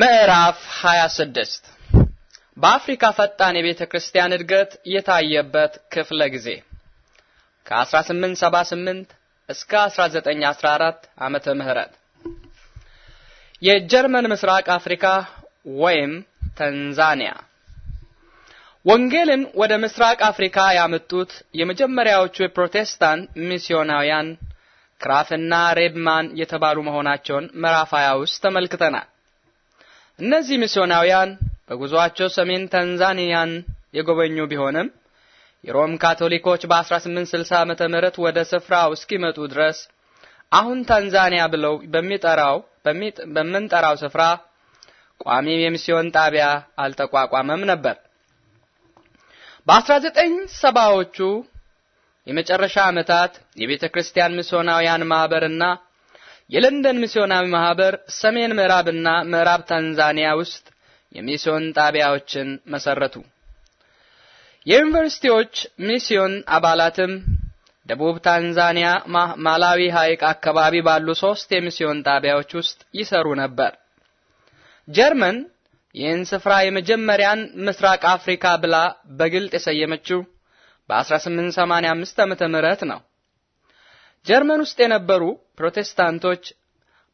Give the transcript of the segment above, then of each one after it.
ምዕራፍ 26 በአፍሪካ ፈጣን የቤተ ክርስቲያን እድገት የታየበት ክፍለ ጊዜ ከ1878 እስከ 1914 ዓመተ ምህረት የጀርመን ምስራቅ አፍሪካ ወይም ታንዛኒያ ወንጌልን ወደ ምስራቅ አፍሪካ ያመጡት የመጀመሪያዎቹ የፕሮቴስታንት ሚስዮናውያን ክራፍና ሬድማን የተባሉ መሆናቸውን ምዕራፍ 20 ውስጥ ተመልክተናል። እነዚህ ሚስዮናውያን በጉዞአቸው ሰሜን ታንዛኒያን የጎበኙ ቢሆንም የሮም ካቶሊኮች በ1860 ዓመተ ምህረት ወደ ስፍራው እስኪመጡ ድረስ አሁን ታንዛኒያ ብለው በሚጠራው በምንጠራው ስፍራ ቋሚ የሚስዮን ጣቢያ አልተቋቋመም ነበር። በ1970ዎቹ የመጨረሻ ዓመታት የቤተ ክርስቲያን ሚስዮናውያን ማህበርና የለንደን ሚስዮናዊ ማህበር ሰሜን ምዕራብና ምዕራብ ታንዛኒያ ውስጥ የሚስዮን ጣቢያዎችን መሰረቱ። የዩኒቨርሲቲዎች ሚስዮን አባላትም ደቡብ ታንዛኒያ፣ ማላዊ ሐይቅ አካባቢ ባሉ ሶስት የሚስዮን ጣቢያዎች ውስጥ ይሰሩ ነበር። ጀርመን ይህን ስፍራ የመጀመሪያን ምስራቅ አፍሪካ ብላ በግልጥ የሰየመችው በ1885 ዓ ም ነው። ጀርመን ውስጥ የነበሩ ፕሮቴስታንቶች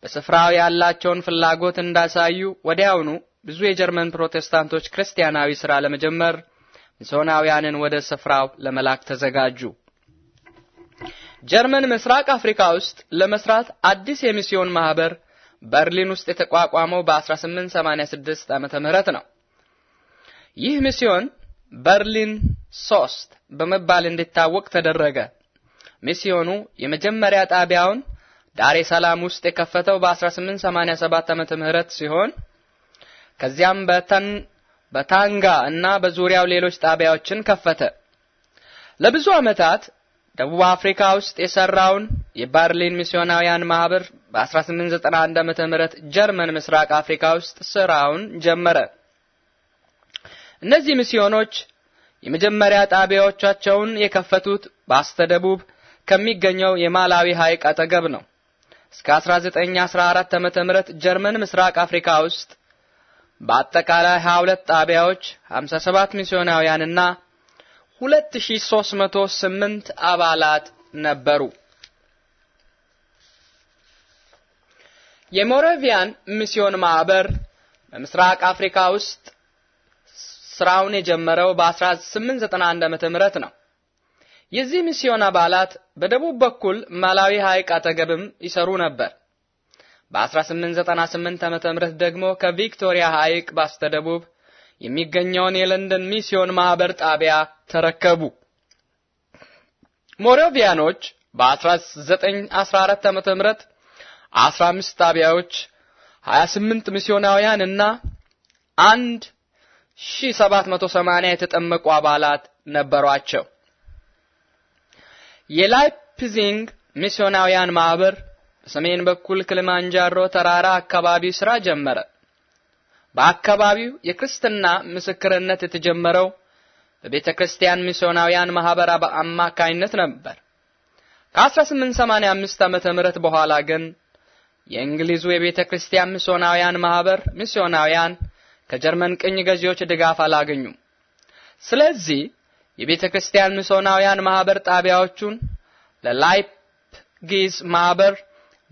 በስፍራው ያላቸውን ፍላጎት እንዳሳዩ ወዲያውኑ ብዙ የጀርመን ፕሮቴስታንቶች ክርስቲያናዊ ሥራ ለመጀመር ሚስዮናውያንን ወደ ስፍራው ለመላክ ተዘጋጁ። ጀርመን ምስራቅ አፍሪካ ውስጥ ለመስራት አዲስ የሚስዮን ማህበር በርሊን ውስጥ የተቋቋመው በ1886 ዓመተ ምህረት ነው። ይህ ሚስዮን በርሊን ሶስት በመባል እንዲታወቅ ተደረገ። ሚስዮኑ የመጀመሪያ ጣቢያውን ዳሬ ሰላም ውስጥ የከፈተው በ1887 ዓመተ ምህረት ሲሆን ከዚያም በታንጋ እና በዙሪያው ሌሎች ጣቢያዎችን ከፈተ። ለብዙ ዓመታት ደቡብ አፍሪካ ውስጥ የሰራውን የበርሊን ሚስዮናውያን ማህበር በ1891 ዓመተ ምህረት ጀርመን ምስራቅ አፍሪካ ውስጥ ስራውን ጀመረ። እነዚህ ሚስዮኖች የመጀመሪያ ጣቢያዎቻቸውን የከፈቱት በአስተደቡብ ከሚገኘው የማላዊ ሐይቅ አጠገብ ነው። እስከ 1914 ዓመተ ምህረት ጀርመን ምስራቅ አፍሪካ ውስጥ በአጠቃላይ 22 ጣቢያዎች 57 ሚስዮናውያንና 2308 አባላት ነበሩ። የሞረቪያን ሚስዮን ማህበር በምስራቅ አፍሪካ ውስጥ ስራውን የጀመረው በ1891 ዓመተ ምህረት ነው። የዚህ ሚስዮን አባላት በደቡብ በኩል ማላዊ ሐይቅ አጠገብም ይሰሩ ነበር። በ1898 ዓመተ ምህረት ደግሞ ከቪክቶሪያ ሐይቅ ባስተደቡብ የሚገኘውን የለንደን ሚስዮን ማህበር ጣቢያ ተረከቡ። ሞሮቪያኖች በ1914 ዓመተ ምህረት 15 ጣቢያዎች 28 ሚስዮናውያን እና 1780 የተጠመቁ አባላት ነበሯቸው። የላይፕዚንግ ሚስዮናውያን ማህበር በሰሜን በኩል ክልማንጃሮ ተራራ አካባቢ ስራ ጀመረ። በአካባቢው የክርስትና ምስክርነት የተጀመረው በቤተ ክርስቲያን ሚስዮናውያን ማህበር አማካይነት ነበር። ከ1885 ዓመተ ምህረት በኋላ ግን የእንግሊዙ የቤተ ክርስቲያን ሚስዮናውያን ማህበር ሚስዮናውያን ከጀርመን ቅኝ ገዢዎች ድጋፍ አላገኙም። ስለዚህ የቤተ ክርስቲያን ምሶናውያን ማህበር ጣቢያዎቹን ለላይፕጊዝ ማህበር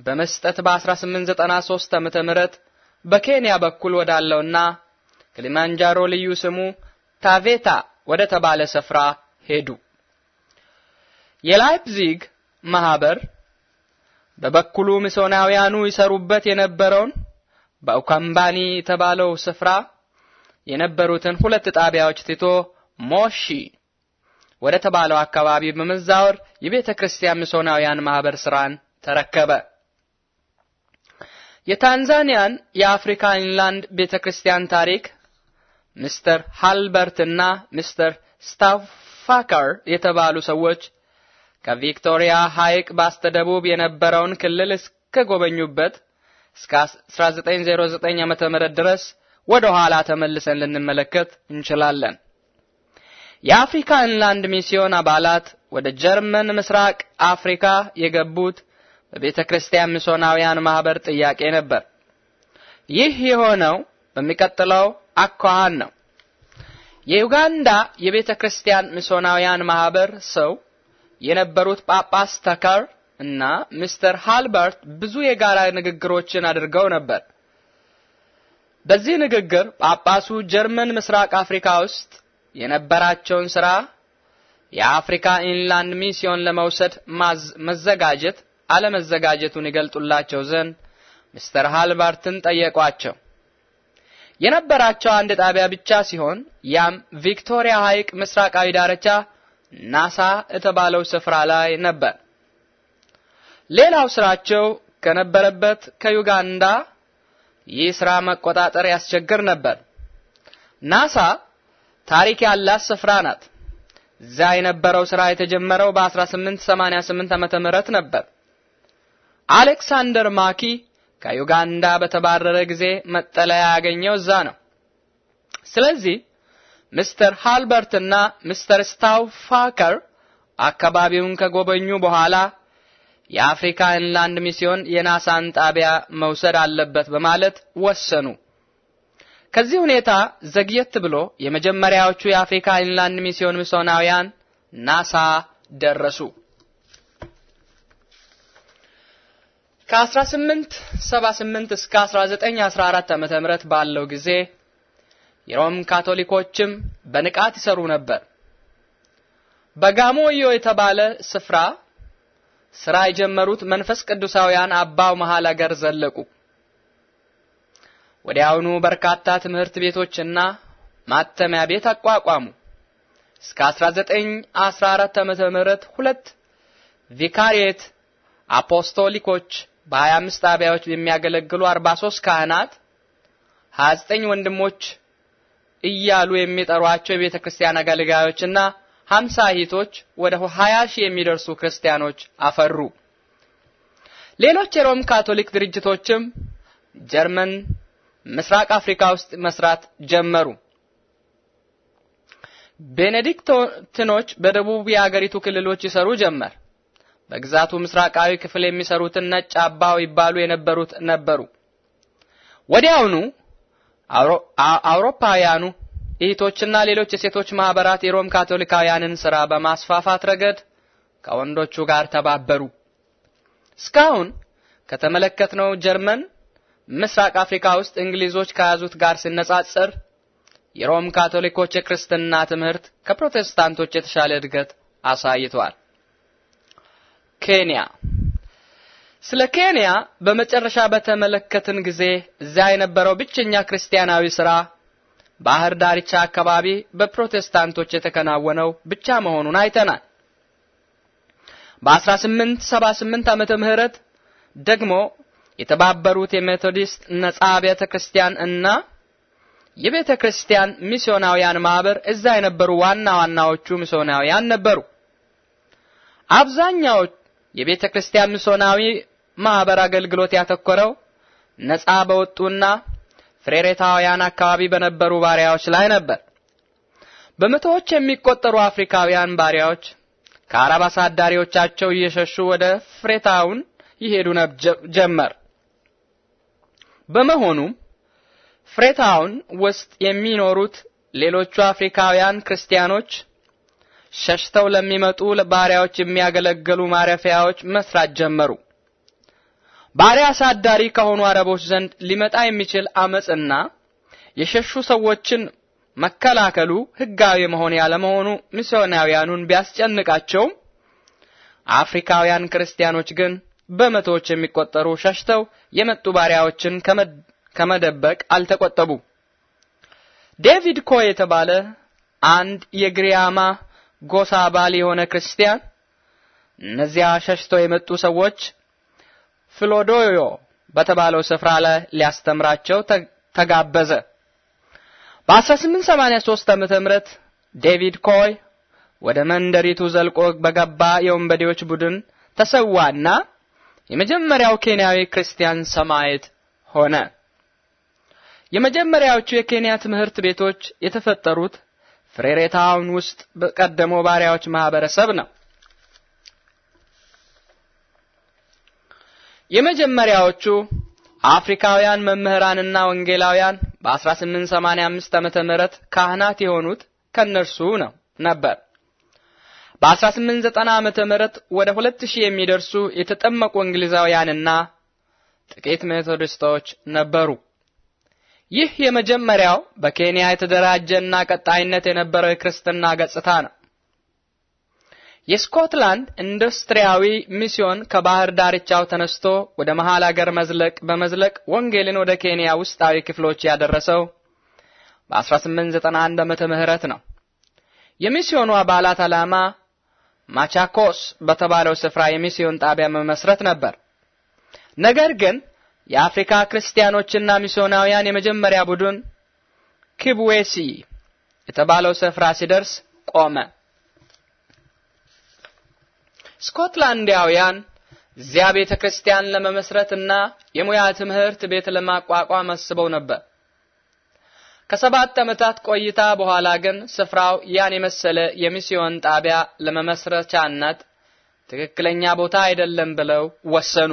በመስጠት በ1893 ዓመተ ምህረት በኬንያ በኩል ወዳለውና ክሊማንጃሮ ልዩ ስሙ ታቬታ ወደ ተባለ ስፍራ ሄዱ። የላይፕዚግ ማህበር በበኩሉ ምሶናውያኑ ይሰሩበት የነበረውን በኡካምባኒ የተባለው ስፍራ የነበሩትን ሁለት ጣቢያዎች ትቶ ሞሺ ወደ ተባለው አካባቢ በመዛወር የቤተ ክርስቲያን ሚስዮናውያን ማህበር ስራን ተረከበ። የታንዛኒያን የአፍሪካ ኢንላንድ ቤተ ክርስቲያን ታሪክ ሚስተር ሃልበርት እና ሚስተር ስታፋከር የተባሉ ሰዎች ከቪክቶሪያ ሐይቅ ባስተደቡብ የነበረውን ክልል እስከጎበኙበት እስከ 1909 ዓ.ም ድረስ ወደ ኋላ ተመልሰን ልንመለከት እንችላለን። የአፍሪካ ኢንላንድ ሚስዮን አባላት ወደ ጀርመን ምስራቅ አፍሪካ የገቡት በቤተ ክርስቲያን ሚስዮናውያን ማህበር ጥያቄ ነበር። ይህ የሆነው በሚቀጥለው አኳኋን ነው። የዩጋንዳ የቤተ ክርስቲያን ሚስዮናውያን ማህበር ሰው የነበሩት ጳጳስ ተከር እና ሚስተር ሃልበርት ብዙ የጋራ ንግግሮችን አድርገው ነበር። በዚህ ንግግር ጳጳሱ ጀርመን ምስራቅ አፍሪካ ውስጥ የነበራቸውን ስራ የአፍሪካ ኢንላንድ ሚስዮን ለመውሰድ መዘጋጀት አለመዘጋጀቱን ይገልጡላቸው ዘንድ ሚስተር ሃልባርትን ጠየቋቸው። የነበራቸው አንድ ጣቢያ ብቻ ሲሆን ያም ቪክቶሪያ ሐይቅ ምስራቃዊ ዳርቻ ናሳ የተባለው ስፍራ ላይ ነበር። ሌላው ስራቸው ከነበረበት ከዩጋንዳ ይህ ስራ መቆጣጠር ያስቸግር ነበር። ናሳ ታሪክ ያላት ስፍራ ናት። እዛ የነበረው ስራ የተጀመረው በ1888 ዓመተ ምህረት ነበር። አሌክሳንደር ማኪ ከዩጋንዳ በተባረረ ጊዜ መጠለያ ያገኘው እዛ ነው። ስለዚህ ሚስተር ሃልበርት እና ሚስተር ፋከር አካባቢውን ከጎበኙ በኋላ የአፍሪካ ኢንላንድ ሚስዮን የናሳን ጣቢያ መውሰድ አለበት በማለት ወሰኑ። ከዚህ ሁኔታ ዘግየት ብሎ የመጀመሪያዎቹ የአፍሪካ ኢንላንድ ሚስዮን ሚስዮናውያን ናሳ ደረሱ። ከ1878 እስከ 1914 ዓመተ ምህረት ባለው ጊዜ የሮም ካቶሊኮችም በንቃት ይሰሩ ነበር። በጋሞዮ የተባለ ስፍራ ስራ የጀመሩት መንፈስ ቅዱሳውያን አባው መሃል አገር ዘለቁ። ወዲያውኑ በርካታ ትምህርት ቤቶችና ማተሚያ ቤት አቋቋሙ። እስከ 1914 ዓመተ ምህረት ሁለት ቪካሪየት አፖስቶሊኮች በ25 ጣቢያዎች የሚያገለግሉ 43 ካህናት 29 ወንድሞች እያሉ የሚጠሯቸው የቤተ ክርስቲያን አገልጋዮችና 50 እህቶች ወደ 20 ሺህ የሚደርሱ ክርስቲያኖች አፈሩ። ሌሎች የሮም ካቶሊክ ድርጅቶችም ጀርመን ምስራቅ አፍሪካ ውስጥ መስራት ጀመሩ። ቤኔዲክቶትኖች በደቡብ የአገሪቱ ክልሎች ይሰሩ ጀመር። በግዛቱ ምስራቃዊ ክፍል የሚሰሩትን ነጭ አባው ይባሉ የነበሩት ነበሩ። ወዲያውኑ አውሮፓውያኑ እህቶችና ሌሎች የሴቶች ማህበራት የሮም ካቶሊካውያንን ስራ በማስፋፋት ረገድ ከወንዶቹ ጋር ተባበሩ። እስካሁን ከተመለከትነው ጀርመን ምስራቅ አፍሪካ ውስጥ እንግሊዞች ከያዙት ጋር ሲነጻጸር የሮም ካቶሊኮች የክርስትና ትምህርት ከፕሮቴስታንቶች የተሻለ እድገት አሳይቷል። ኬንያ ስለ ኬንያ በመጨረሻ በተመለከትን ጊዜ እዚያ የነበረው ብቸኛ ክርስቲያናዊ ስራ ባህር ዳርቻ አካባቢ በፕሮቴስታንቶች የተከናወነው ብቻ መሆኑን አይተናል። በ1878 ዓመተ ምህረት ደግሞ የተባበሩት የሜቶዲስት ነጻ ቤተ ክርስቲያን እና የቤተ ክርስቲያን ሚስዮናውያን ማህበር እዛ የነበሩ ዋና ዋናዎቹ ሚስዮናውያን ነበሩ። አብዛኛው የቤተ ክርስቲያን ሚስዮናዊ ማህበር አገልግሎት ያተኮረው ነጻ በወጡና ፍሬሬታውያን አካባቢ በነበሩ ባሪያዎች ላይ ነበር። በመቶዎች የሚቆጠሩ አፍሪካውያን ባሪያዎች ከአረብ አሳዳሪዎቻቸው እየሸሹ ወደ ፍሬታውን ይሄዱ ጀመር። በመሆኑም ፍሬታውን ውስጥ የሚኖሩት ሌሎቹ አፍሪካውያን ክርስቲያኖች ሸሽተው ለሚመጡ ባሪያዎች የሚያገለግሉ ማረፊያዎች መስራት ጀመሩ። ባሪያ አሳዳሪ ከሆኑ አረቦች ዘንድ ሊመጣ የሚችል አመጽና የሸሹ ሰዎችን መከላከሉ ሕጋዊ መሆን ያለመሆኑ ሚስዮናውያኑን ቢያስጨንቃቸውም አፍሪካውያን ክርስቲያኖች ግን በመቶዎች የሚቆጠሩ ሸሽተው የመጡ ባሪያዎችን ከመደበቅ አልተቆጠቡ። ዴቪድ ኮ የተባለ አንድ የግሪያማ ጎሳ አባል የሆነ ክርስቲያን እነዚያ ሸሽተው የመጡ ሰዎች ፍሎዶዮ በተባለው ስፍራ ላይ ሊያስተምራቸው ተጋበዘ። በ1883 ዓመተ ምህረት ዴቪድ ኮይ ወደ መንደሪቱ ዘልቆ በገባ የወንበዴዎች ቡድን ተሰዋና የመጀመሪያው ኬንያዊ ክርስቲያን ሰማዕት ሆነ። የመጀመሪያዎቹ የኬንያ ትምህርት ቤቶች የተፈጠሩት ፍሬሬታውን ውስጥ በቀደሞ ባሪያዎች ማህበረሰብ ነው። የመጀመሪያዎቹ አፍሪካውያን መምህራንና ወንጌላውያን በ1885 ዓመተ ምህረት ካህናት የሆኑት ከነርሱ ነው ነበር። በ1890 ዓመተ ምህረት ወደ 2000 የሚደርሱ የተጠመቁ እንግሊዛውያንና ጥቂት ሜቶዲስቶች ነበሩ። ይህ የመጀመሪያው በኬንያ የተደራጀና ቀጣይነት የነበረው የክርስትና ገጽታ ነው። የስኮትላንድ ኢንዱስትሪያዊ ሚስዮን ከባህር ዳርቻው ተነስቶ ወደ መሃል አገር መዝለቅ በመዝለቅ ወንጌልን ወደ ኬንያ ውስጣዊ ክፍሎች ያደረሰው በ1891 ዓመተ ምህረት ነው። የሚስዮኑ አባላት ዓላማ ማቻኮስ በተባለው ስፍራ የሚስዮን ጣቢያ መመስረት ነበር። ነገር ግን የአፍሪካ ክርስቲያኖችና ሚስዮናውያን የመጀመሪያ ቡድን ኪብዌሲ የተባለው ስፍራ ሲደርስ ቆመ። ስኮትላንዳውያን እዚያ ቤተ ክርስቲያን ለመመስረትና የሙያ ትምህርት ቤት ለማቋቋም አስበው ነበር። ከሰባት ዓመታት ቆይታ በኋላ ግን ስፍራው ያን የመሰለ የሚስዮን ጣቢያ ለመመስረቻነት ትክክለኛ ቦታ አይደለም ብለው ወሰኑ።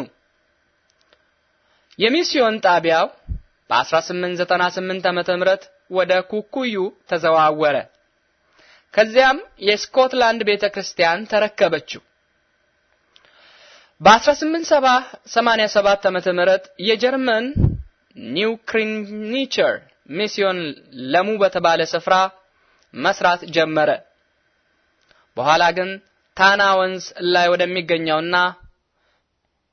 የሚስዮን ጣቢያው በ1898 ዓመተ ምህረት ወደ ኩኩዩ ተዘዋወረ። ከዚያም የስኮትላንድ ቤተክርስቲያን ተረከበችው። በ1887 ዓመተ ምህረት የጀርመን ኒው ክሪኒቸር ሚስዮን ለሙ በተባለ ስፍራ መስራት ጀመረ። በኋላ ግን ታና ወንዝ ላይ ወደሚገኘውና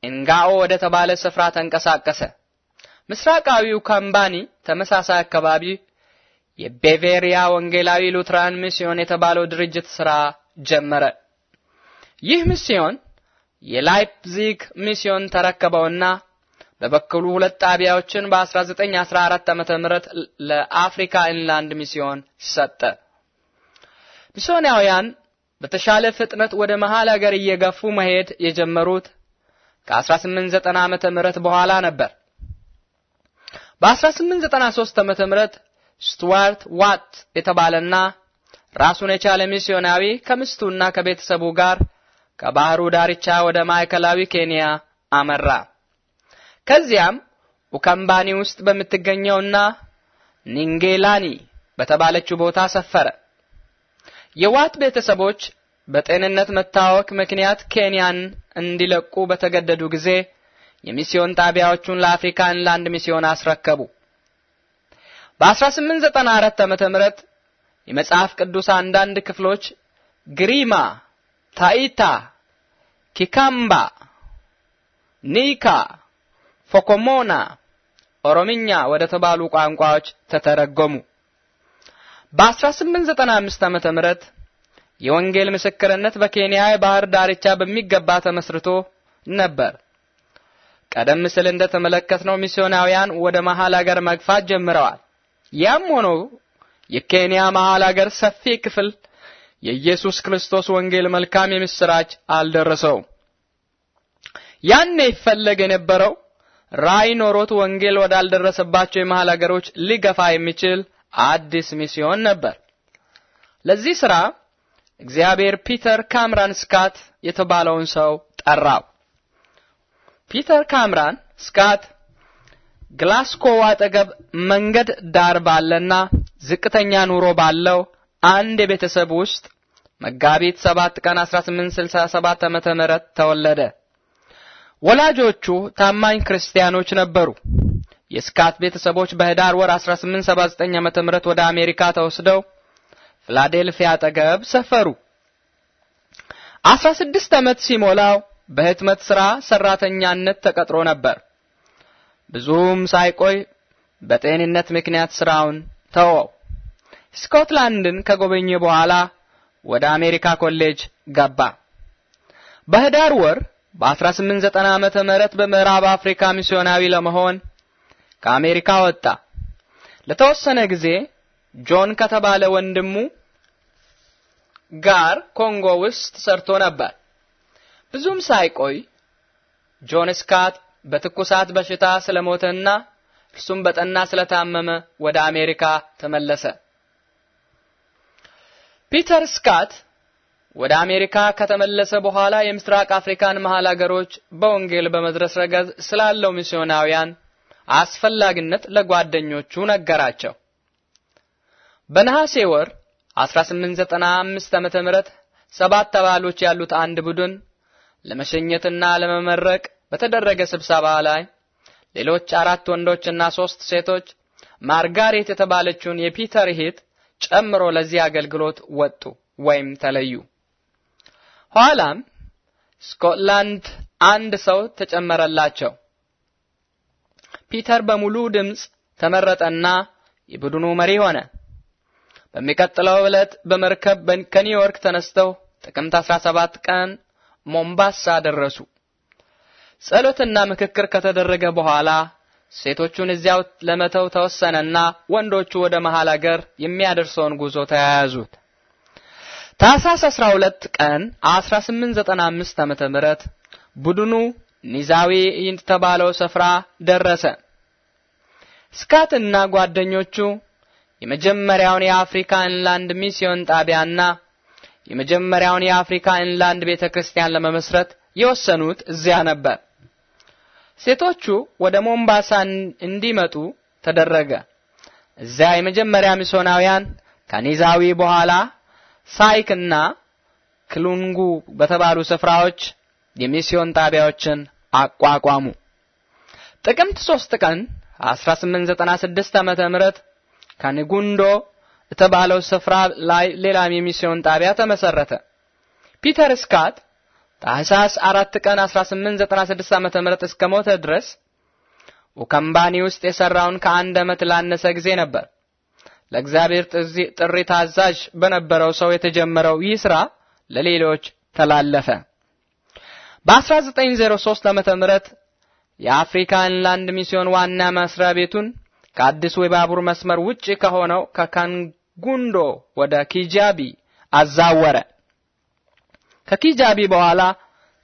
እንጋኦ ወደ ተባለ ስፍራ ተንቀሳቀሰ። ምስራቃዊው ካምባኒ ተመሳሳይ አካባቢ የቤቬሪያ ወንጌላዊ ሉትራን ሚስዮን የተባለው ድርጅት ስራ ጀመረ። ይህ ሚስዮን የላይፕዚግ ሚስዮን ተረከበውና በበኩሉ ሁለት ጣቢያዎችን በ1914 ዓመተ ምህረት ለአፍሪካ ኢንላንድ ሚስዮን ሰጠ። ሚስዮናውያን በተሻለ ፍጥነት ወደ መሃል ሀገር እየገፉ መሄድ የጀመሩት ከ1890 ዓመተ ምህረት በኋላ ነበር። በ1893 ዓመተ ምህረት ስቱዋርት ዋት የተባለና ራሱን የቻለ ሚስዮናዊ ከምስቱና ከቤተሰቡ ጋር ከባህሩ ዳርቻ ወደ ማዕከላዊ ኬንያ አመራ። ከዚያም ኡካምባኒ ውስጥ በምትገኘውና ኒንጌላኒ በተባለችው ቦታ ሰፈረ። የዋት ቤተሰቦች በጤንነት መታወክ ምክንያት ኬንያን እንዲለቁ በተገደዱ ጊዜ የሚስዮን ጣቢያዎቹን ለአፍሪካ ኢንላንድ ሚስዮን አስረከቡ። በ1894 ዓመተ ምህረት የመጽሐፍ ቅዱስ አንዳንድ ክፍሎች ግሪማ፣ ታኢታ፣ ኪካምባ፣ ኒካ ፎኮሞና ኦሮምኛ ወደ ተባሉ ቋንቋዎች ተተረጎሙ። በ1895 ዓመተ ምህረት የወንጌል ምስክርነት በኬንያ የባህር ዳርቻ በሚገባ ተመስርቶ ነበር። ቀደም ሲል እንደተመለከትነው ሚስዮናውያን ወደ መሃል አገር መግፋት ጀምረዋል። ያም ሆኖ የኬንያ መሃል አገር ሰፊ ክፍል የኢየሱስ ክርስቶስ ወንጌል መልካም የምስራች አልደረሰውም። ያኔ ይፈለግ የነበረው ራእይ ኖሮት ወንጌል ወዳልደረሰባቸው የመሃል አገሮች ሊገፋ የሚችል አዲስ ሚስዮን ነበር። ለዚህ ስራ እግዚአብሔር ፒተር ካምራን ስካት የተባለውን ሰው ጠራው። ፒተር ካምራን ስካት ግላስኮው አጠገብ መንገድ ዳር ባለና ዝቅተኛ ኑሮ ባለው አንድ የቤተሰብ ውስጥ መጋቢት 7 ቀን 1867 ዓመተ ተወለደ። ወላጆቹ ታማኝ ክርስቲያኖች ነበሩ። የስካት ቤተሰቦች በህዳር ወር 1879 ዓመተ ምህረት ወደ አሜሪካ ተወስደው ፊላዴልፊያ አጠገብ ሰፈሩ። 16 ዓመት ሲሞላው በህትመት ሥራ ሰራተኛነት ተቀጥሮ ነበር። ብዙም ሳይቆይ በጤንነት ምክንያት ስራውን ተወው። ስኮትላንድን ከጎበኘ በኋላ ወደ አሜሪካ ኮሌጅ ገባ። በህዳር ወር በ1890 ዓመተ ምህረት በምዕራብ አፍሪካ ሚስዮናዊ ለመሆን ከአሜሪካ ወጣ። ለተወሰነ ጊዜ ጆን ከተባለ ወንድሙ ጋር ኮንጎ ውስጥ ሰርቶ ነበር። ብዙም ሳይቆይ ጆን ስካት በትኩሳት በሽታ ስለሞተና እርሱም በጠና ስለታመመ ወደ አሜሪካ ተመለሰ። ፒተር ስካት ወደ አሜሪካ ከተመለሰ በኋላ የምስራቅ አፍሪካን መሃል አገሮች በወንጌል በመድረስ ረገድ ስላለው ሚስዮናውያን አስፈላጊነት ለጓደኞቹ ነገራቸው። በነሐሴ ወር 1895 ዓመተ ምህረት ሰባት አባሎች ያሉት አንድ ቡድን ለመሸኘትና ለመመረቅ በተደረገ ስብሰባ ላይ ሌሎች አራት ወንዶችና ሶስት ሴቶች ማርጋሬት የተባለችውን የፒተር ሄት ጨምሮ ለዚህ አገልግሎት ወጡ ወይም ተለዩ። ኋላም ስኮትላንድ አንድ ሰው ተጨመረላቸው። ፒተር በሙሉ ድምጽ ተመረጠና የቡድኑ መሪ ሆነ። በሚቀጥለው ዕለት በመርከብ ከኒውዮርክ ተነስተው ጥቅምት 17 ቀን ሞምባሳ ደረሱ። ጸሎትና ምክክር ከተደረገ በኋላ ሴቶቹን እዚያው ለመተው ተወሰነና ወንዶቹ ወደ መሃል አገር የሚያደርሰውን ጉዞ ተያያዙት። ታኅሳስ 12 ቀን 1895 ዓመተ ምህረት ቡድኑ ኒዛዊ የተባለው ስፍራ ደረሰ። ስካትና ጓደኞቹ የመጀመሪያውን የአፍሪካ ኢንላንድ ሚስዮን ጣቢያና የመጀመሪያውን የአፍሪካ ኢንላንድ ቤተክርስቲያን ለመመስረት የወሰኑት እዚያ ነበር። ሴቶቹ ወደ ሞምባሳ እንዲመጡ ተደረገ። እዚያ የመጀመሪያ ሚስዮናውያን ከኒዛዊ በኋላ ሳይክና ክሉንጉ በተባሉ ስፍራዎች የሚስዮን ጣቢያዎችን አቋቋሙ። ጥቅምት 3 ቀን 1896 ዓመተ ምህረት ካንጉንዶ የተባለው ስፍራ ላይ ሌላም የሚስዮን ጣቢያ ተመሰረተ። ፒተር ስካት ታህሳስ 4 ቀን 1896 ዓመተ ምህረት እስከ ሞተ ድረስ ኡካምባኒ ውስጥ የሰራውን ከአንድ ዓመት ላነሰ ጊዜ ነበር። ለእግዚአብሔር ጥሪ ታዛዥ በነበረው ሰው የተጀመረው ይህ ስራ ለሌሎች ተላለፈ። በ1903 ዓመተ ምህረት የአፍሪካ ኢንላንድ ሚስዮን ዋና መስሪያ ቤቱን ከአዲሱ የባቡር መስመር ውጪ ከሆነው ከካንጉንዶ ወደ ኪጃቢ አዛወረ። ከኪጃቢ በኋላ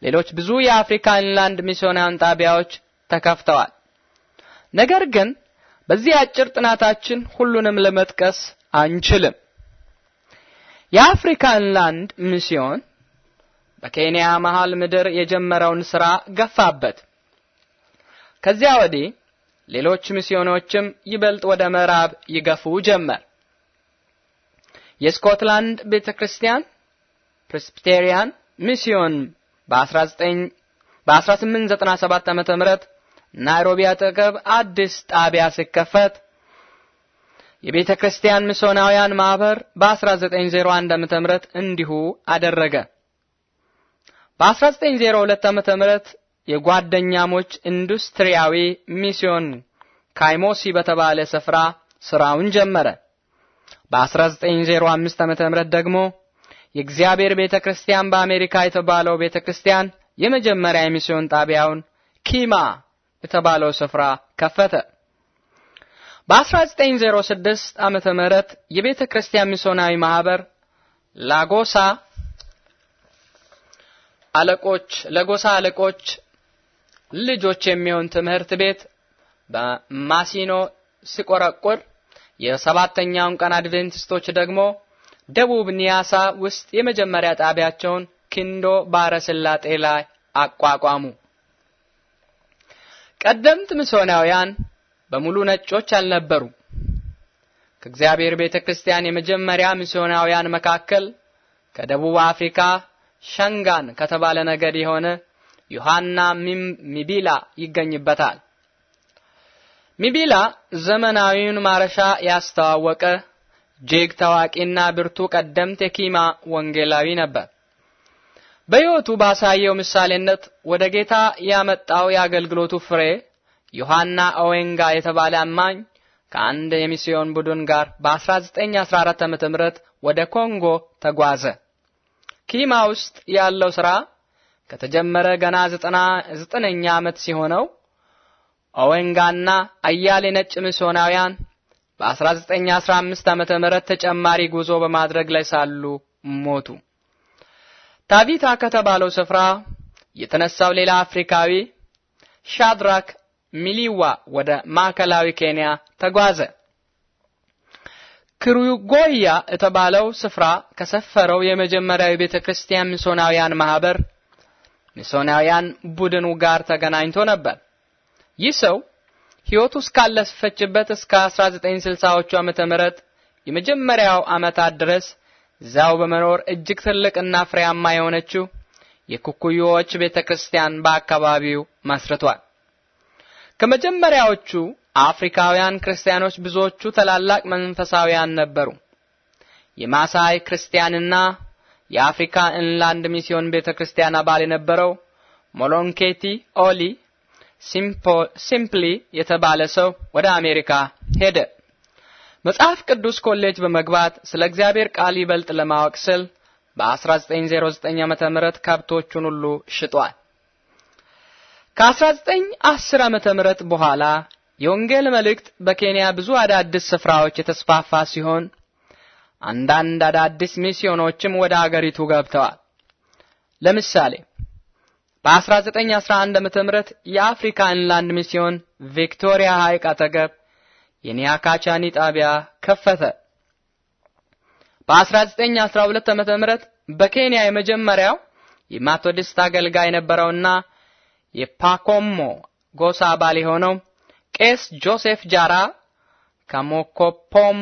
ሌሎች ብዙ የአፍሪካ ኢንላንድ ሚስዮናውያን ጣቢያዎች ተከፍተዋል። ነገር ግን በዚህ አጭር ጥናታችን ሁሉንም ለመጥቀስ አንችልም። የአፍሪካን ላንድ ሚስዮን በኬንያ መሃል ምድር የጀመረውን ስራ ገፋበት። ከዚያ ወዲህ ሌሎች ሚስዮኖችም ይበልጥ ወደ ምዕራብ ይገፉ ጀመር። የስኮትላንድ ቤተክርስቲያን ፕሬስቢቴሪያን ሚስዮን በ 1897 ዓ.ም ናይሮቢ አጠገብ አዲስ ጣቢያ ሲከፈት የቤተ ክርስቲያን ምሶናውያን ማህበር በ1901 ዓመተ እንዲሁ አደረገ። በ1902 ዓመተ ምህረት የጓደኛሞች ኢንዱስትሪያዊ ሚስዮን ካይሞሲ በተባለ ስፍራ ስራውን ጀመረ። በ1905 ዓመተ ደግሞ የእግዚአብሔር ቤተክርስቲያን በአሜሪካ የተባለው ቤተክርስቲያን የመጀመሪያ የሚስዮን ጣቢያውን ኪማ የተባለው ስፍራ ከፈተ። በ1906 ዓመተ ምህረት የቤተ ክርስቲያን ሚስዮናዊ ማህበር ላጎሳ አለቆች ለጎሳ አለቆች ልጆች የሚሆን ትምህርት ቤት በማሲኖ ሲቆረቁር የሰባተኛውን ቀን አድቬንቲስቶች ደግሞ ደቡብ ኒያሳ ውስጥ የመጀመሪያ ጣቢያቸውን ኪንዶ ባረ ስላጤ ላይ አቋቋሙ። ቀደምት ምሶናውያን በሙሉ ነጮች አልነበሩም። ከእግዚአብሔር ቤተ ክርስቲያን የመጀመሪያ ሚስዮናውያን መካከል ከደቡብ አፍሪካ ሸንጋን ከተባለ ነገድ የሆነ ዮሐና ሚቢላ ይገኝበታል። ሚቢላ ዘመናዊውን ማረሻ ያስተዋወቀ እጅግ ታዋቂና ብርቱ ቀደምት የኪማ ወንጌላዊ ነበር። በሕይወቱ ባሳየው ምሳሌነት ወደ ጌታ ያመጣው የአገልግሎቱ ፍሬ ዮሐና ኦዌንጋ የተባለ አማኝ ከአንድ የሚስዮን ቡድን ጋር በ1914 ዓ ም ወደ ኮንጎ ተጓዘ። ኪማ ውስጥ ያለው ስራ ከተጀመረ ገና ዘጠና ዘጠነኛ ዓመት ሲሆነው ኦዌንጋና አያሌ ነጭ ሚስዮናውያን በ1915 ዓ ም ተጨማሪ ጉዞ በማድረግ ላይ ሳሉ ሞቱ። ታቢታ ከተባለው ስፍራ የተነሳው ሌላ አፍሪካዊ ሻድራክ ሚሊዋ ወደ ማዕከላዊ ኬንያ ተጓዘ። ክሩጎያ የተባለው ስፍራ ከሰፈረው የመጀመሪያው የቤተ ክርስቲያን ሚስዮናውያን ማህበር ሚስዮናውያን ቡድኑ ጋር ተገናኝቶ ነበር። ይህ ሰው ሕይወቱ እስካለፈችበት እስከ 1960ዎቹ ዓመተ ምህረት የመጀመሪያው ዓመታት ድረስ እዚያው በመኖር እጅግ ትልቅና ፍሬያማ የሆነችው የኩኩዮዎች ቤተክርስቲያን በአካባቢው መስርቷል። ከመጀመሪያዎቹ አፍሪካውያን ክርስቲያኖች ብዙዎቹ ታላላቅ መንፈሳዊያን ነበሩ። የማሳይ ክርስቲያንና የአፍሪካ ኢንላንድ ሚስዮን ቤተክርስቲያን አባል የነበረው ሞሎንኬቲ ኦሊ ሲምፕሊ የተባለ ሰው ወደ አሜሪካ ሄደ። መጽሐፍ ቅዱስ ኮሌጅ በመግባት ስለ እግዚአብሔር ቃል ይበልጥ ለማወቅ ስል በ1909 ዓመተ ምህረት ከብቶቹን ሁሉ ሽጧል። ከ1910 ዓመተ ምህረት በኋላ የወንጌል መልእክት በኬንያ ብዙ አዳዲስ ስፍራዎች የተስፋፋ ሲሆን አንዳንድ አዳዲስ ሚስዮኖችም ወደ አገሪቱ ገብተዋል። ለምሳሌ በ1911 ዓመተ ምህረት የአፍሪካ ኢንላንድ ሚስዮን ቪክቶሪያ ሐይቅ አጠገብ የኒያካቻኒ ጣቢያ ከፈተ። በ1912 ዓመተ ምህረት በኬንያ የመጀመሪያው የማቶዲስት አገልጋይ የነበረውና የፓኮሞ ጎሳ አባል የሆነው ቄስ ጆሴፍ ጃራ ከሞኮፖም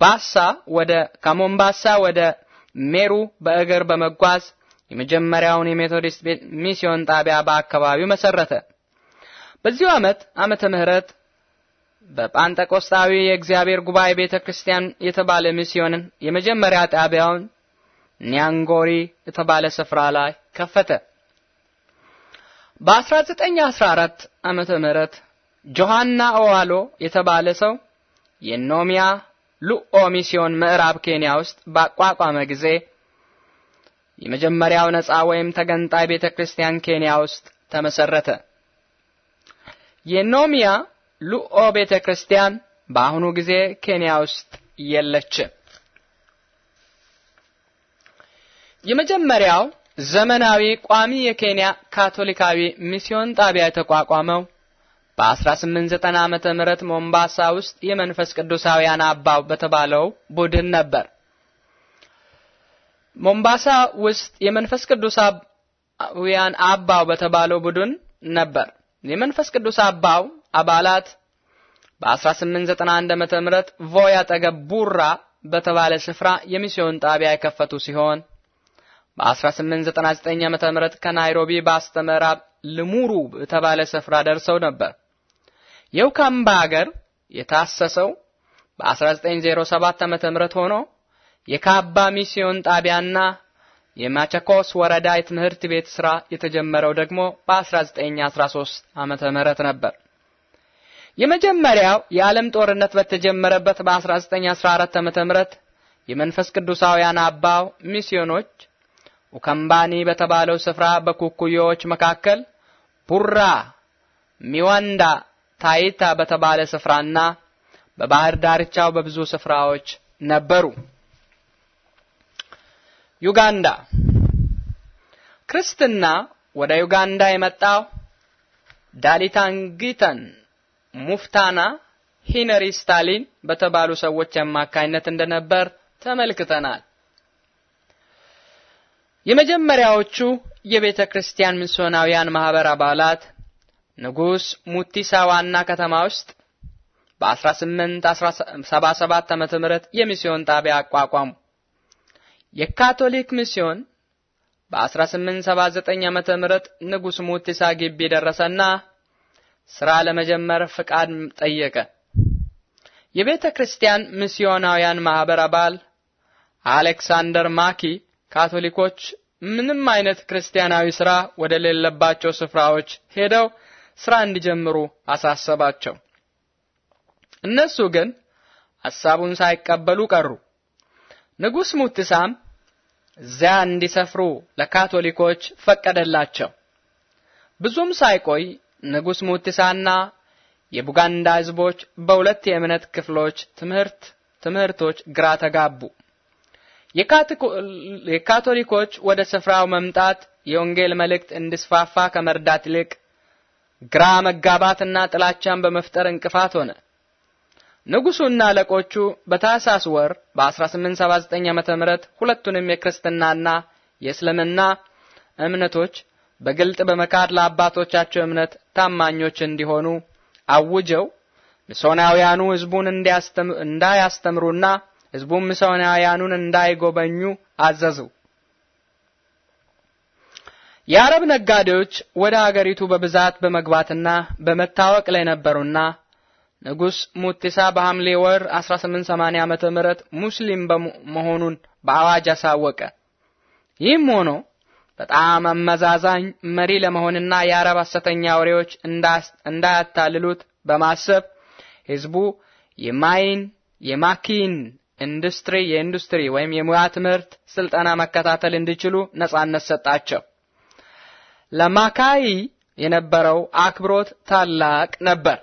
ባሳ ወደ ከሞምባሳ ወደ ሜሩ በእግር በመጓዝ የመጀመሪያውን የሜቶዲስት ሚስዮን ጣቢያ በአካባቢው መሰረተ። በዚሁ ዓመት ዓመተ ምህረት በጳንጠቆስታዊ የእግዚአብሔር ጉባኤ ቤተ ክርስቲያን የተባለ ሚስዮንን የመጀመሪያ ጣቢያውን ኒያንጎሪ የተባለ ስፍራ ላይ ከፈተ። በ1914 ዓመተ ምህረት ጆሃና ኦዋሎ የተባለ ሰው የኖሚያ ሉኦ ሚስዮን ምዕራብ ኬንያ ውስጥ ባቋቋመ ጊዜ የመጀመሪያው ነፃ ወይም ተገንጣይ ቤተ ክርስቲያን ኬንያ ውስጥ ተመሰረተ። የኖሚያ ሉኦ ቤተ ክርስቲያን በአሁኑ ጊዜ ኬንያ ውስጥ የለችም። የመጀመሪያው ዘመናዊ ቋሚ የኬንያ ካቶሊካዊ ሚስዮን ጣቢያ የተቋቋመው በ1890 ዓመተ ምህረት ሞምባሳ ውስጥ የመንፈስ ቅዱሳውያን አባው በተባለው ቡድን ነበር። ሞምባሳ ውስጥ የመንፈስ ቅዱሳውያን አባው በተባለው ቡድን ነበር። የመንፈስ ቅዱስ አባው አባላት በ1891 ዓመተ ምህረት ቮይ አጠገብ ቡራ በተባለ ስፍራ የሚስዮን ጣቢያ የከፈቱ ሲሆን በ1899 ዓመተ ምህረት ከናይሮቢ በስተምዕራብ ልሙሩ በተባለ ስፍራ ደርሰው ነበር። የውካምባ ሀገር የታሰሰው በ1907 ዓመተ ምህረት ሆኖ የካባ ሚስዮን ጣቢያና የማቸኮስ ወረዳ የትምህርት ቤት ስራ የተጀመረው ደግሞ በ1913 ዓመተ ምህረት ነበር። የመጀመሪያው የዓለም ጦርነት በተጀመረበት በ1914 ዓመተ ምህረት የመንፈስ ቅዱሳውያን አባው ሚስዮኖች ኡካምባኒ በተባለው ስፍራ በኩኩዮዎች መካከል ቡራ ሚዋንዳ ታይታ በተባለ ስፍራና በባህር ዳርቻው በብዙ ስፍራዎች ነበሩ። ዩጋንዳ ክርስትና ወደ ዩጋንዳ የመጣው ዳሊታንጊተን ሙፍታና ሂነሪ ስታሊን በተባሉ ሰዎች አማካኝነት እንደነበር ተመልክተናል። የመጀመሪያዎቹ የቤተ ክርስቲያን ሚስዮናውያን ማህበር አባላት ንጉስ ሙቲሳ ዋና ከተማ ውስጥ በ1877 ዓመተ ምህረት የሚስዮን ጣቢያ አቋቋሙ። የካቶሊክ ሚስዮን በ1879 ዓመተ ምህረት ንጉስ ሙቲሳ ግቢ ደረሰና ስራ ለመጀመር ፍቃድ ጠየቀ። የቤተ ክርስቲያን ሚስዮናውያን ማህበር አባል አሌክሳንደር ማኪ ካቶሊኮች ምንም አይነት ክርስቲያናዊ ስራ ወደ ሌለባቸው ስፍራዎች ሄደው ስራ እንዲጀምሩ አሳሰባቸው። እነሱ ግን ሐሳቡን ሳይቀበሉ ቀሩ። ንጉስ ሙትሳም እዚያ እንዲሰፍሩ ለካቶሊኮች ፈቀደላቸው። ብዙም ሳይቆይ ንጉስ ሙትሳና የቡጋንዳ ህዝቦች በሁለት የእምነት ክፍሎች ትምህርት ትምህርቶች ግራ ተጋቡ። የካቶሊኮች ወደ ስፍራው መምጣት የወንጌል መልእክት እንዲስፋፋ ከመርዳት ይልቅ ግራ መጋባትና ጥላቻን በመፍጠር እንቅፋት ሆነ። ንጉሱና አለቆቹ በታህሳስ ወር በ1879 ዓ.ም ሁለቱንም የክርስትናና የእስልምና እምነቶች በግልጥ በመካድ ለአባቶቻቸው እምነት ታማኞች እንዲሆኑ አውጀው ምሶናውያኑ ህዝቡን እንዳያስተምሩና ህዝቡን ምሶናውያኑን እንዳይጎበኙ አዘዙ። የአረብ ነጋዴዎች ወደ አገሪቱ በብዛት በመግባትና በመታወቅ ላይ ነበሩና ንጉስ ሙቲሳ በሐምሌ ወር 1880 ዓ.ም ሙስሊም መሆኑን በአዋጅ አሳወቀ። ይህም ሆኖ በጣም አመዛዛኝ መሪ ለመሆንና የአረብ ሐሰተኛ ወሬዎች እንዳያታልሉት በማሰብ ህዝቡ የማይን የማኪን ኢንዱስትሪ የኢንዱስትሪ ወይም የሙያ ትምህርት ስልጠና መከታተል እንዲችሉ ነጻነት ሰጣቸው። ለማካይ የነበረው አክብሮት ታላቅ ነበር።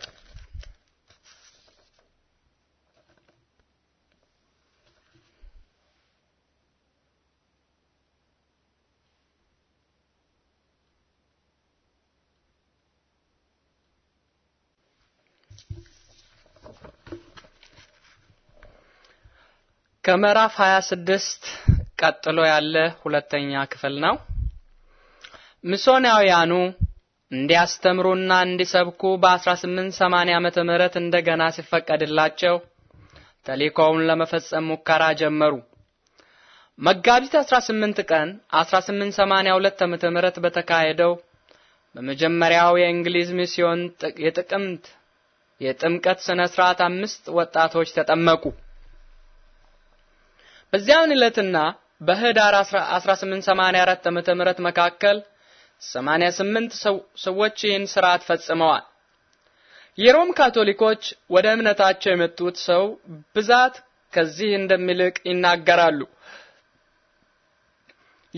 ከምዕራፍ 26 ቀጥሎ ያለ ሁለተኛ ክፍል ነው። ምሶናውያኑ እንዲያስተምሩና እንዲሰብኩ በ1880 ዓመተ ምህረት እንደገና ሲፈቀድላቸው ተልእኮውን ለመፈጸም ሙከራ ጀመሩ። መጋቢት 18 ቀን 1882 ዓመተ ምህረት በተካሄደው በመጀመሪያው የእንግሊዝ ሚስዮን የጥቅምት የጥምቀት ስነ ስርዓት አምስት ወጣቶች ተጠመቁ። በዚያን ዕለትና በህዳር 1884 ዓመተ ምህረት መካከል 88 ሰዎች ይህን ስርዓት ፈጽመዋል። የሮም ካቶሊኮች ወደ እምነታቸው የመጡት ሰው ብዛት ከዚህ እንደሚልቅ ይናገራሉ።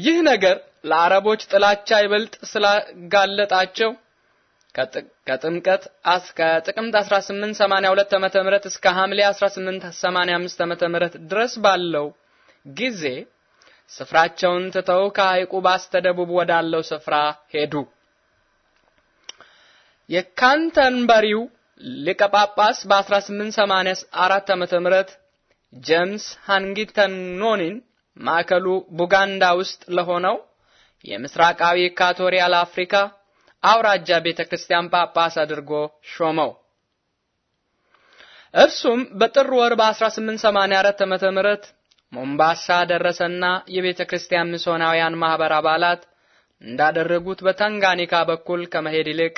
ይህ ነገር ለአረቦች ጥላቻ ይበልጥ ስላጋለጣቸው ከጥምቀት እስከ ጥቅምት 1882 ዓመተ ምህረት እስከ ሐምሌ 1885 ዓመተ ምህረት ድረስ ባለው ጊዜ ስፍራቸውን ትተው ከሐይቁ ባስተደቡብ ወዳለው ስፍራ ሄዱ። የካንተንበሪው ሊቀ ጳጳስ በ1884 ዓመተ ምህረት ጄምስ ኖኒን ማዕከሉ ቡጋንዳ ውስጥ ለሆነው የምስራቃዊ ኢኳቶሪያል አፍሪካ አውራጃ ቤተክርስቲያን ጳጳስ አድርጎ ሾመው። እርሱም በጥር ወር በ1884 ዓመተ ምህረት ሞምባሳ ደረሰና የቤተ ክርስቲያን ምሶናውያን ማህበር አባላት እንዳደረጉት በታንጋኒካ በኩል ከመሄድ ይልቅ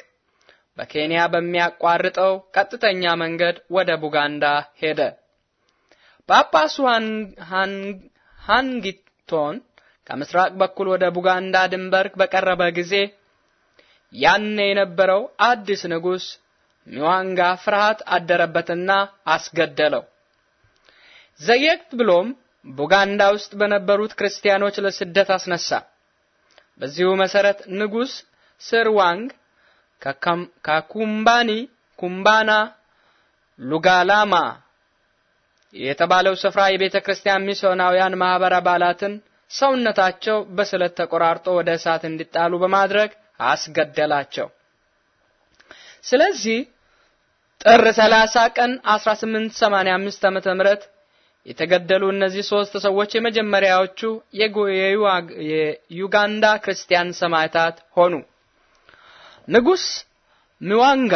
በኬንያ በሚያቋርጠው ቀጥተኛ መንገድ ወደ ቡጋንዳ ሄደ። ጳጳሱ ሃንጊቶን ከምስራቅ በኩል ወደ ቡጋንዳ ድንበር በቀረበ ጊዜ ያኔ የነበረው አዲስ ንጉሥ ሚዋንጋ ፍርሃት አደረበትና አስገደለው። ዘየት ብሎም ቡጋንዳ ውስጥ በነበሩት ክርስቲያኖች ለስደት አስነሳ። በዚሁ መሰረት ንጉስ ዋንግ ከኩምባኒ ኩምባና ሉጋላማ የተባለው ስፍራ የቤተ ክርስቲያን ሚስዮናውያን ማህበር አባላትን ሰውነታቸው በስለት ተቆራርጦ ወደ እሳት እንዲጣሉ በማድረግ አስገደላቸው። ስለዚህ ጥር 30 ቀን 1885 ዓ.ም.። የተገደሉ እነዚህ ሶስት ሰዎች የመጀመሪያዎቹ የዩጋንዳ ክርስቲያን ሰማዕታት ሆኑ። ንጉስ ሚዋንጋ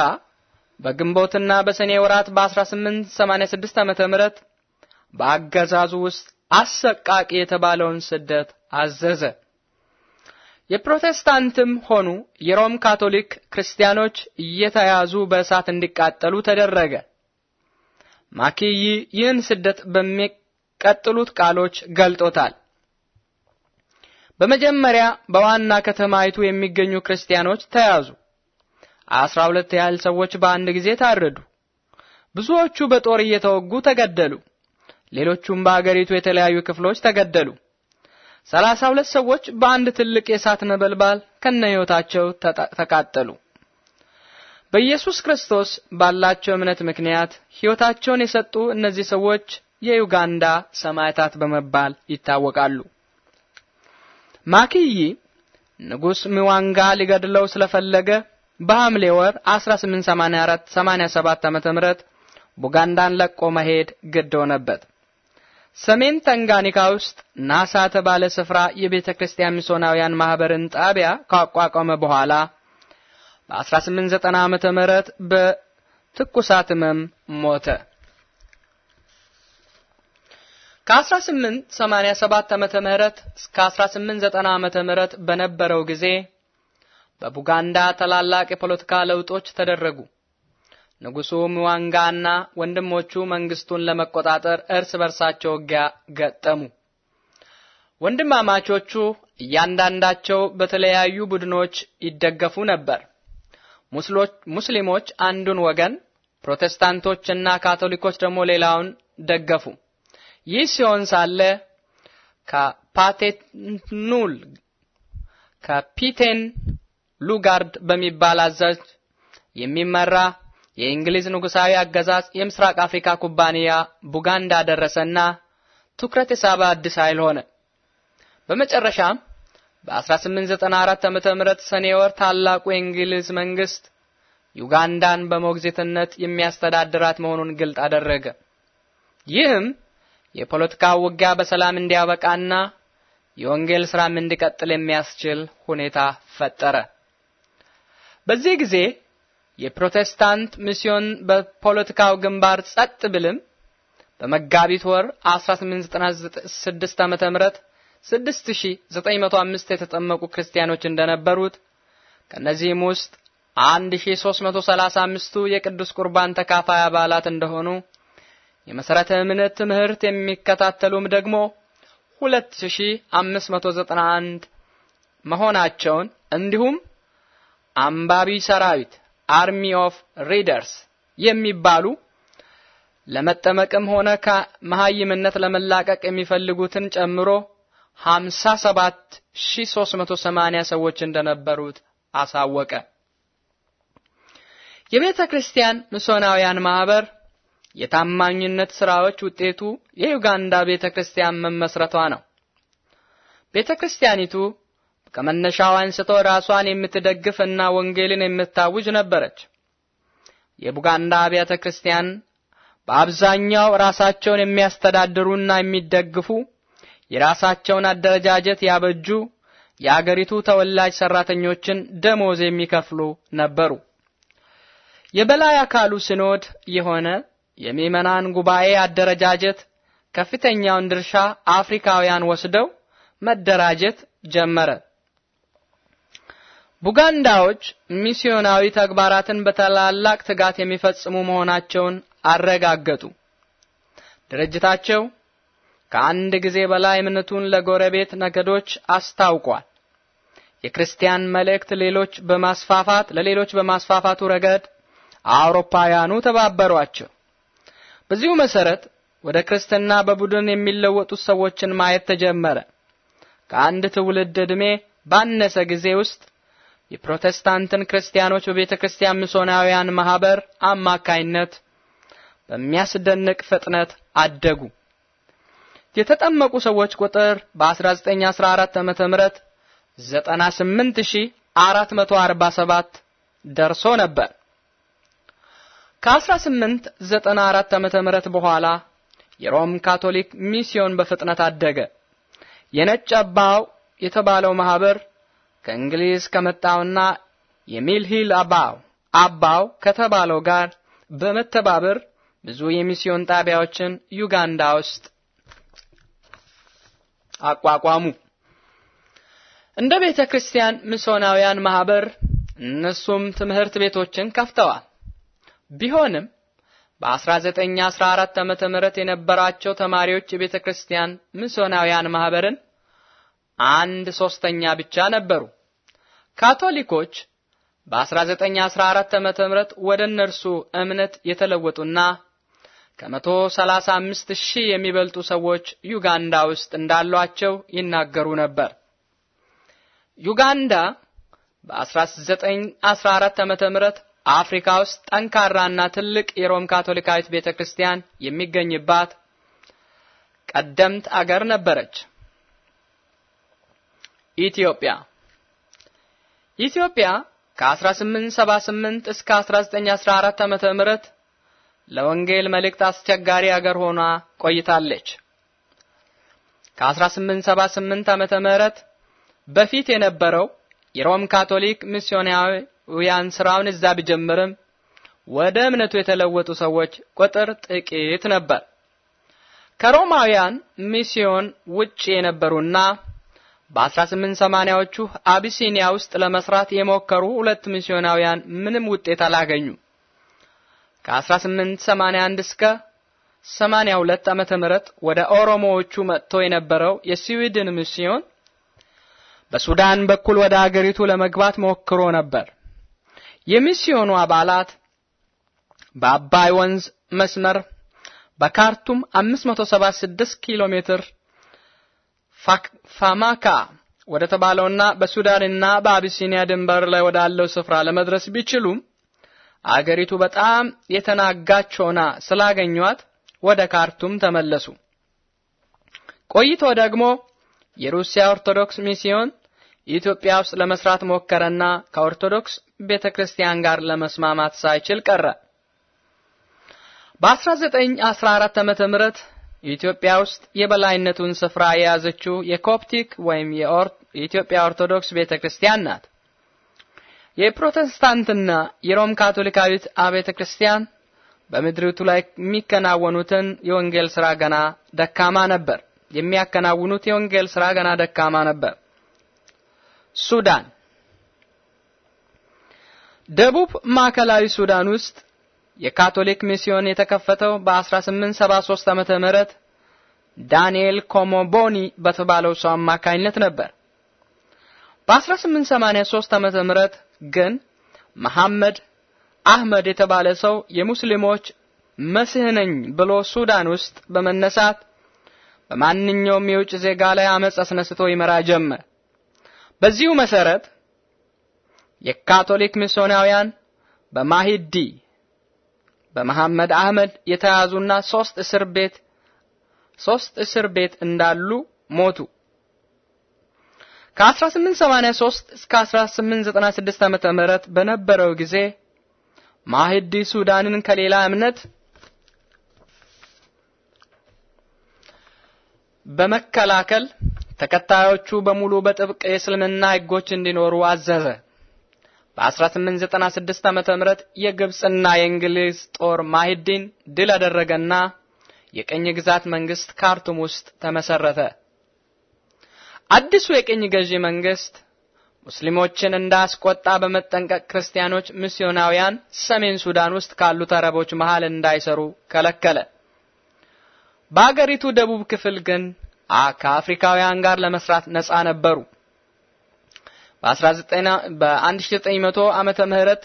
በግንቦትና በሰኔ ወራት በ1886 ዓመተ ምህረት በአገዛዙ ውስጥ አሰቃቂ የተባለውን ስደት አዘዘ። የፕሮቴስታንትም ሆኑ የሮም ካቶሊክ ክርስቲያኖች እየተያዙ በእሳት እንዲቃጠሉ ተደረገ። ማኪይ ይህን ስደት በሚቀጥሉት ቃሎች ገልጦታል። በመጀመሪያ በዋና ከተማይቱ የሚገኙ ክርስቲያኖች ተያዙ። አስራ ሁለት ያህል ሰዎች በአንድ ጊዜ ታረዱ። ብዙዎቹ በጦር እየተወጉ ተገደሉ። ሌሎቹም በአገሪቱ የተለያዩ ክፍሎች ተገደሉ። ሰላሳ ሁለት ሰዎች በአንድ ትልቅ የእሳት ነበልባል ከነ ሕይወታቸው ተቃጠሉ። በኢየሱስ ክርስቶስ ባላቸው እምነት ምክንያት ሕይወታቸውን የሰጡ እነዚህ ሰዎች የዩጋንዳ ሰማዕታት በመባል ይታወቃሉ። ማኪይ ንጉሥ ሚዋንጋ ሊገድለው ስለፈለገ በሐምሌ ወር 1884 87 ዓመተ ምህረት ቡጋንዳን ለቆ መሄድ ግድ ሆነበት። ሰሜን ተንጋኒካ ውስጥ ናሳ ተባለ ስፍራ የቤተ ክርስቲያን ሚሶናውያን ማህበርን ጣቢያ ካቋቋመ በኋላ በ1890 ዓመተ ምህረት በትኩሳት ህመም ሞተ። ከ1887 ዓመተ ምህረት እስከ 1890 ዓመተ ምህረት በነበረው ጊዜ በቡጋንዳ ታላላቅ የፖለቲካ ለውጦች ተደረጉ። ንጉሱ ሙዋንጋና ወንድሞቹ መንግስቱን ለመቆጣጠር እርስ በርሳቸው ውጊያ ገጠሙ። ወንድማማቾቹ እያንዳንዳቸው በተለያዩ ቡድኖች ይደገፉ ነበር። ሙስሊሞች አንዱን ወገን፣ ፕሮቴስታንቶችና ካቶሊኮች ደግሞ ሌላውን ደገፉ። ይህ ሲሆን ሳለ ከፓቴኑል ከፒቴን ሉጋርድ በሚባል አዛዥ የሚመራ የእንግሊዝ ንጉሳዊ አገዛዝ የምስራቅ አፍሪካ ኩባንያ ቡጋንዳ ደረሰና ትኩረት የሳበ አዲስ ኃይል ሆነ። በመጨረሻም በ1894 ዓመተ ምህረት ሰኔ ወር ታላቁ የእንግሊዝ መንግስት ዩጋንዳን በሞግዚትነት የሚያስተዳድራት መሆኑን ግልጥ አደረገ። ይህም የፖለቲካ ውጊያ በሰላም እንዲያበቃና የወንጌል ስራም እንዲቀጥል የሚያስችል ሁኔታ ፈጠረ። በዚህ ጊዜ የፕሮቴስታንት ሚስዮን በፖለቲካው ግንባር ጸጥ ብልም በመጋቢት ወር 1896 ዓ.ም 6905 የተጠመቁ ክርስቲያኖች እንደነበሩት ከነዚህም ውስጥ 1335ቱ የቅዱስ ቁርባን ተካፋይ አባላት እንደሆኑ የመሰረተ እምነት ትምህርት የሚከታተሉም ደግሞ 2591 መሆናቸውን እንዲሁም አንባቢ ሰራዊት አርሚ ኦፍ ሪደርስ የሚባሉ ለመጠመቅም ሆነ ከመሃይምነት ለመላቀቅ የሚፈልጉትን ጨምሮ 57380 ሰዎች እንደነበሩት አሳወቀ። የቤተ ክርስቲያን ሚስዮናውያን ማህበር የታማኝነት ስራዎች ውጤቱ የዩጋንዳ ቤተ ክርስቲያን መመስረቷ ነው። ቤተ ክርስቲያኒቱ ከመነሻው አንስቶ ራሷን የምትደግፍ እና ወንጌልን የምታውጅ ነበረች። የቡጋንዳ አብያተ ክርስቲያን በአብዛኛው ራሳቸውን የሚያስተዳድሩና የሚደግፉ የራሳቸውን አደረጃጀት ያበጁ የአገሪቱ ተወላጅ ሰራተኞችን ደሞዝ የሚከፍሉ ነበሩ። የበላይ አካሉ ሲኖድ የሆነ የሚመናን ጉባኤ አደረጃጀት ከፍተኛውን ድርሻ አፍሪካውያን ወስደው መደራጀት ጀመረ። ቡጋንዳዎች ሚስዮናዊ ተግባራትን በታላላቅ ትጋት የሚፈጽሙ መሆናቸውን አረጋገጡ። ድርጅታቸው ከአንድ ጊዜ በላይ እምነቱን ለጎረቤት ነገዶች አስታውቋል። የክርስቲያን መልእክት ሌሎች በማስፋፋት ለሌሎች በማስፋፋቱ ረገድ አውሮፓውያኑ ተባበሯቸው። በዚሁ መሰረት ወደ ክርስትና በቡድን የሚለወጡ ሰዎችን ማየት ተጀመረ። ከአንድ ትውልድ ዕድሜ ባነሰ ጊዜ ውስጥ የፕሮቴስታንትን ክርስቲያኖች በቤተ ክርስቲያን ምሶናውያን ማህበር አማካይነት በሚያስደንቅ ፍጥነት አደጉ። የተጠመቁ ሰዎች ቁጥር በ1914 ዓም ምህረት 98447 ደርሶ ነበር። ከ1894 ዓመተ ምህረት በኋላ የሮም ካቶሊክ ሚስዮን በፍጥነት አደገ። የነጭ አባው የተባለው ማህበር ከእንግሊዝ ከመጣውና የሚልሂል አባው አባው ከተባለው ጋር በመተባበር ብዙ የሚስዮን ጣቢያዎችን ዩጋንዳ ውስጥ አቋቋሙ። እንደ ቤተ ክርስቲያን ምሶናውያን ማህበር እነሱም ትምህርት ቤቶችን ከፍተዋል። ቢሆንም በ1914 ዓመተ ምህረት የነበራቸው ተማሪዎች የቤተ ክርስቲያን ምሶናውያን ማህበርን አንድ ሶስተኛ ብቻ ነበሩ። ካቶሊኮች በ1914 ዓመተ ምህረት ወደ እነርሱ እምነት የተለወጡና ከመቶ ሰላሳ አምስት ሺህ የሚበልጡ ሰዎች ዩጋንዳ ውስጥ እንዳሏቸው ይናገሩ ነበር። ዩጋንዳ በ1914 ዓመተ ምህረት አፍሪካ ውስጥ ጠንካራና ትልቅ የሮም ካቶሊካዊት ቤተክርስቲያን የሚገኝባት ቀደምት አገር ነበረች። ኢትዮጵያ ኢትዮጵያ ከ1878 እስከ 1914 ዓመተ ምህረት ለወንጌል መልእክት አስቸጋሪ አገር ሆና ቆይታለች። ከ1878 ዓመተ ምህረት በፊት የነበረው የሮም ካቶሊክ ሚስዮናውያን ስራውን እዛ ቢጀምርም ወደ እምነቱ የተለወጡ ሰዎች ቁጥር ጥቂት ነበር። ከሮማውያን ሚስዮን ውጪ የነበሩና በ1880ዎቹ አቢሲኒያ ውስጥ ለመስራት የሞከሩ ሁለት ሚስዮናውያን ምንም ውጤት አላገኙም። ከ1881 እስከ 82 ዓመተ ምህረት ወደ ኦሮሞዎቹ መጥቶ የነበረው የስዊድን ሚስዮን በሱዳን በኩል ወደ አገሪቱ ለመግባት ሞክሮ ነበር። የሚስዮኑ አባላት በአባይ ወንዝ መስመር በካርቱም 576 ኪሎ ሜትር ፋማካ ወደ ተባለውና በሱዳንና በአቢሲኒያ ድንበር ላይ ወዳለው ስፍራ ለመድረስ ቢችሉም አገሪቱ በጣም የተናጋች ሆና ስላገኟት ወደ ካርቱም ተመለሱ። ቆይቶ ደግሞ የሩሲያ ኦርቶዶክስ ሚስዮን ኢትዮጵያ ውስጥ ለመስራት ሞከረና ከኦርቶዶክስ ቤተክርስቲያን ጋር ለመስማማት ሳይችል ቀረ። በ1914 ዓመተ ምህረት ኢትዮጵያ ውስጥ የበላይነቱን ስፍራ የያዘችው የኮፕቲክ ወይም የኢትዮጵያ ኦርቶዶክስ ቤተክርስቲያን ናት። የፕሮቴስታንትና የሮም ካቶሊካዊት አብያተ ክርስቲያን በምድሪቱ ላይ የሚከናወኑትን የወንጌል ስራ ገና ደካማ ነበር። የሚያከናውኑት የወንጌል ስራ ገና ደካማ ነበር። ሱዳን ደቡብ ማዕከላዊ ሱዳን ውስጥ የካቶሊክ ሚስዮን የተከፈተው በ1873 ዓመተ ምህረት ዳንኤል ኮሞቦኒ በተባለው ሰው አማካኝነት ነበር። በ1883 ዓመተ ምህረት ግን መሐመድ አህመድ የተባለ ሰው የሙስሊሞች መሲህ ነኝ ብሎ ሱዳን ውስጥ በመነሳት በማንኛውም የውጭ ዜጋ ላይ አመጽ አስነስቶ ይመራ ጀመር። በዚሁ መሰረት የካቶሊክ ሚስዮናውያን በማሂዲ በመሐመድ አህመድ የተያዙና ሶስት እስር ቤት ሶስት እስር ቤት እንዳሉ ሞቱ። ከ1883 እስከ 1896 ዓመተ ምህረት በነበረው ጊዜ ማህዲ ሱዳንን ከሌላ እምነት በመከላከል ተከታዮቹ በሙሉ በጥብቅ የእስልምና ህጎች እንዲኖሩ አዘዘ። በ1896 ዓመተ ምህረት የግብጽና የእንግሊዝ ጦር ማሂዲን ድል አደረገና የቅኝ ግዛት መንግስት ካርቱም ውስጥ ተመሰረተ። አዲሱ የቅኝ ገዢ መንግስት ሙስሊሞችን እንዳስቆጣ በመጠንቀቅ ክርስቲያኖች ሚስዮናውያን ሰሜን ሱዳን ውስጥ ካሉት አረቦች መሃል እንዳይሰሩ ከለከለ። በአገሪቱ ደቡብ ክፍል ግን ከአፍሪካውያን ጋር ለመስራት ነጻ ነበሩ። በ1900 ዓመተ ምህረት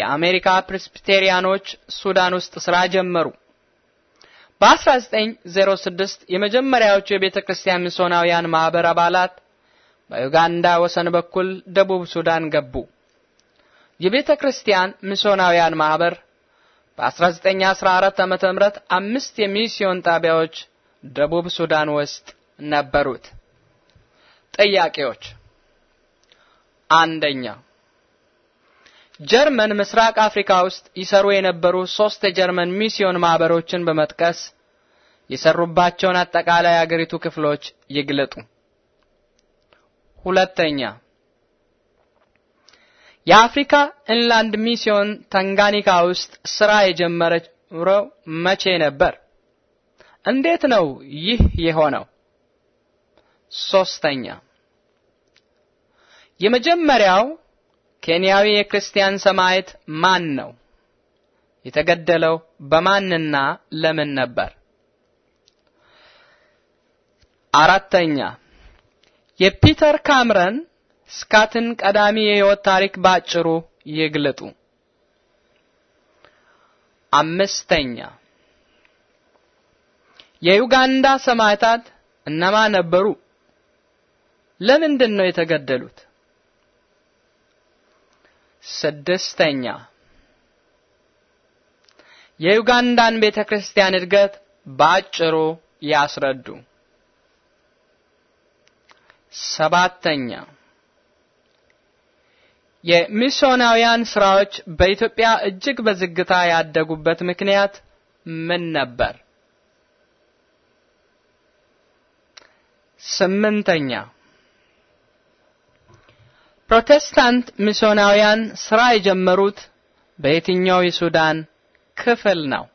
የአሜሪካ ፕሬስቢቴሪያኖች ሱዳን ውስጥ ስራ ጀመሩ። በ1906 የመጀመሪያዎቹ የቤተ ክርስቲያን ሚስዮናውያን ማህበር አባላት በዩጋንዳ ወሰን በኩል ደቡብ ሱዳን ገቡ። የቤተ ክርስቲያን ሚስዮናውያን ማህበር በ1914 ዓመተ ምህረት አምስት የሚስዮን ጣቢያዎች ደቡብ ሱዳን ውስጥ ነበሩት። ጥያቄዎች አንደኛ ጀርመን ምስራቅ አፍሪካ ውስጥ ይሰሩ የነበሩ ሶስት የጀርመን ሚስዮን ማህበሮችን በመጥቀስ የሰሩባቸውን አጠቃላይ አገሪቱ ክፍሎች ይግለጡ። ሁለተኛ የአፍሪካ ኢንላንድ ሚስዮን ታንጋኒካ ውስጥ ስራ የጀመረው መቼ ነበር? እንዴት ነው ይህ የሆነው? ሶስተኛ የመጀመሪያው ኬንያዊ የክርስቲያን ሰማዕት ማን ነው? የተገደለው በማንና ለምን ነበር? አራተኛ የፒተር ካምረን ስካትን ቀዳሚ የህይወት ታሪክ ባጭሩ ይግለጡ። አምስተኛ የዩጋንዳ ሰማዕታት እነማን ነበሩ? ለምንድን ነው የተገደሉት? ስድስተኛ የዩጋንዳን ቤተ ክርስቲያን እድገት በአጭሩ ያስረዱ። ሰባተኛ የሚስዮናውያን ስራዎች በኢትዮጵያ እጅግ በዝግታ ያደጉበት ምክንያት ምን ነበር? ስምንተኛ ፕሮቴስታንት ሚስዮናውያን ስራ የጀመሩት በየትኛው የሱዳን ክፍል ነው?